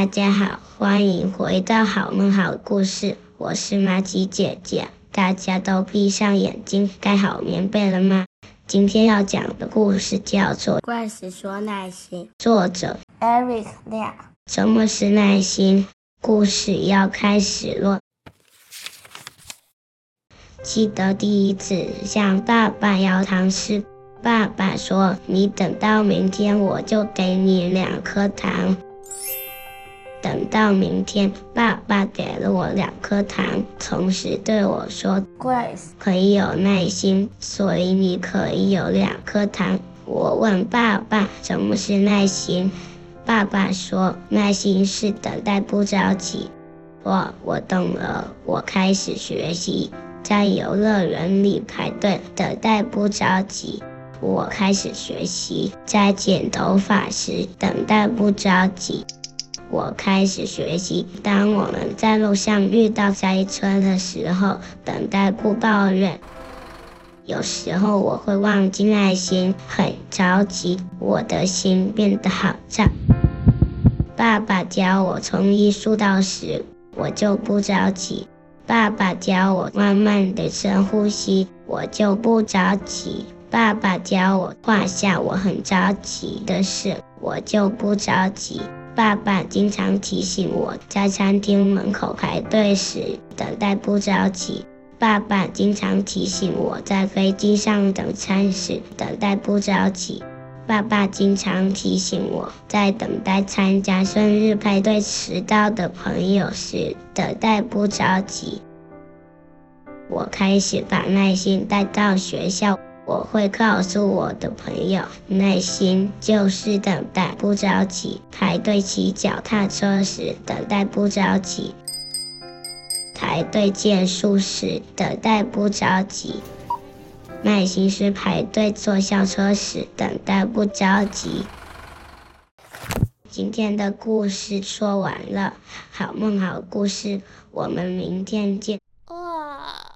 大家好，歡迎回到《好夢好故事》，我是瑪吉姐姐。大家都閉上眼睛，蓋好棉被了嗎？今天要講的故事叫做《Grace 說耐心》，作者 Eric Liao。什麼是耐心？故事要開始了。記得第一次向爸爸要糖吃。爸爸說：“你等到明天，我就給你兩顆糖。”等到明天，爸爸給了我兩顆糖，同時對我說：“Grace 可以有耐心，所以你可以有兩顆糖。”我問爸爸什麼是耐心，爸爸說：“耐心是等待不着急。”我我懂了，我開始學習在遊樂園裡排隊等待不着急，我開始學習在剪頭髮時等待不着急。我開始學習。當我們在路上遇到塞車的時候，等待不抱怨。有時候我會忘記耐心，很着急，我的心變得好差。爸爸教我從一數到十，我就不着急。爸爸教我慢慢的深呼吸，我就不着急。爸爸教我畫下我很着急的事，我就不着急。爸爸經常提醒我在餐廳門口排隊時，等待不着急。爸爸經常提醒我在飛機上等餐時，等待不着急。爸爸經常提醒我在等待參加生日派對遲到的朋友時，等待不着急。我開始把耐心帶到學校。我會告訴我的朋友，耐心就是等待不着急。排隊騎腳踏車時，等待不着急；排隊借書時，等待不着急；耐心是排隊坐校車時，等待不着急。今天的故事說完了，好夢好故事，我們明天見。啊。